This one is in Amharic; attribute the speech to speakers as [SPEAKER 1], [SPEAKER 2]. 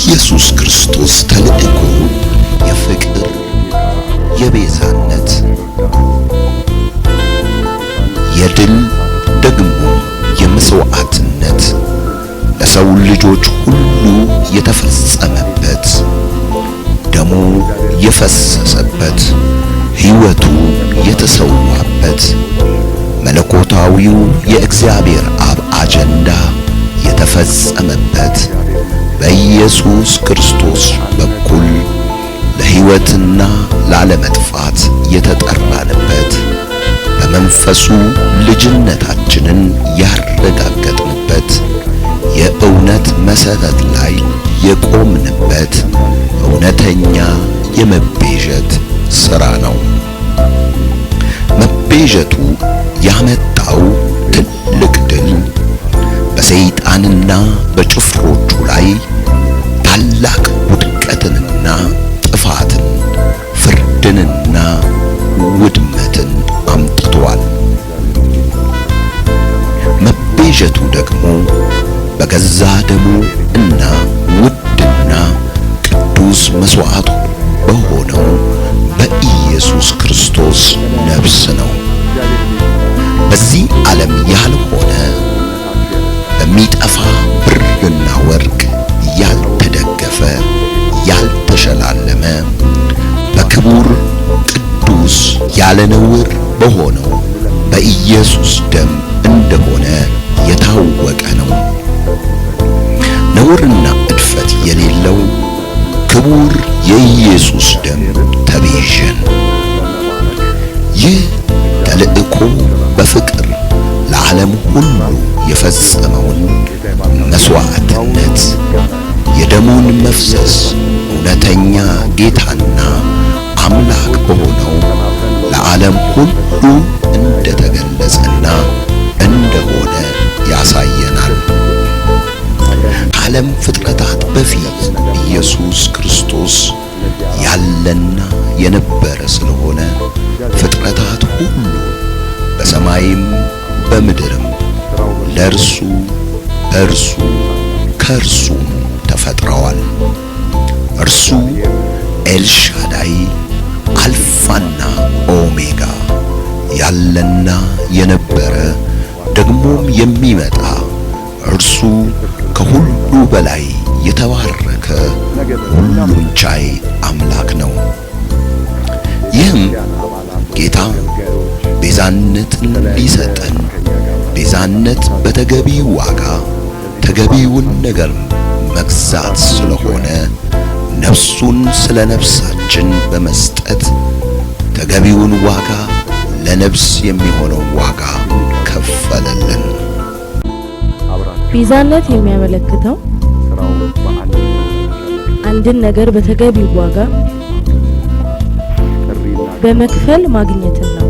[SPEAKER 1] የኢየሱስ ክርስቶስ ተልእኮ የፍቅር የቤዛነት የድል ደግሞ የመስዋዕትነት ለሰው ልጆች ሁሉ የተፈጸመበት ደሙ የፈሰሰበት ሕይወቱ የተሰዋበት መለኮታዊው የእግዚአብሔር አብ አጀንዳ የተፈጸመበት በኢየሱስ ክርስቶስ በኩል ለሕይወትና ላለመጥፋት የተጠራንበት በመንፈሱ ልጅነታችንን ያረጋገጥንበት የእውነት መሰረት ላይ የቆምንበት እውነተኛ የመቤዠት ሥራ ነው። መቤዠቱ ያመጣው ትልቅ ድል በሰይጣንና በጭፍሮቹ ላይ ታላቅ ውድቀትንና ጥፋትን ፍርድንና ውድመትን አምጥቷል። መቤዠቱ ደግሞ በገዛ ደሙ እና ውድና ቅዱስ መስዋዕቱ በሆነው በኢየሱስ ክርስቶስ ነፍስ ነው። በዚህ ዓለም ያልሆነ በሚጠፋ ብርና ወርቅ ያልተሸላለመ በክቡር ቅዱስ ያለ ነውር በሆነው በኢየሱስ ደም እንደሆነ የታወቀ ነው። ነውርና እድፈት የሌለው ክቡር የኢየሱስ ደም ተቤዥን ይህ ተልእኮ በፍቅር ለዓለም ሁሉ የፈጸመውን መስዋዕትነት የደሙን መፍሰስ እውነተኛ ጌታና አምላክ በሆነው ለዓለም ሁሉ እንደተገለጸና እንደሆነ ያሳየናል። ከዓለም ፍጥረታት በፊት ኢየሱስ ክርስቶስ ያለና የነበረ ስለሆነ ፍጥረታት ሁሉ በሰማይም በምድርም ለእርሱ በእርሱ ከእርሱም ፈጥረዋል። እርሱ ኤልሻዳይ አልፋና ኦሜጋ ያለና የነበረ ደግሞም የሚመጣ እርሱ ከሁሉ በላይ የተባረከ ሁሉን ቻይ አምላክ ነው። ይህም ጌታ ቤዛነትን ሊሰጠን ቤዛነት በተገቢ ዋጋ ተገቢውን ነገር መግዛት ስለሆነ ነፍሱን ስለ ነፍሳችን በመስጠት ተገቢውን ዋጋ ለነፍስ የሚሆነው ዋጋ ከፈለልን።
[SPEAKER 2] ቤዛነት የሚያመለክተው አንድን ነገር በተገቢው ዋጋ በመክፈል ማግኘትን ነው።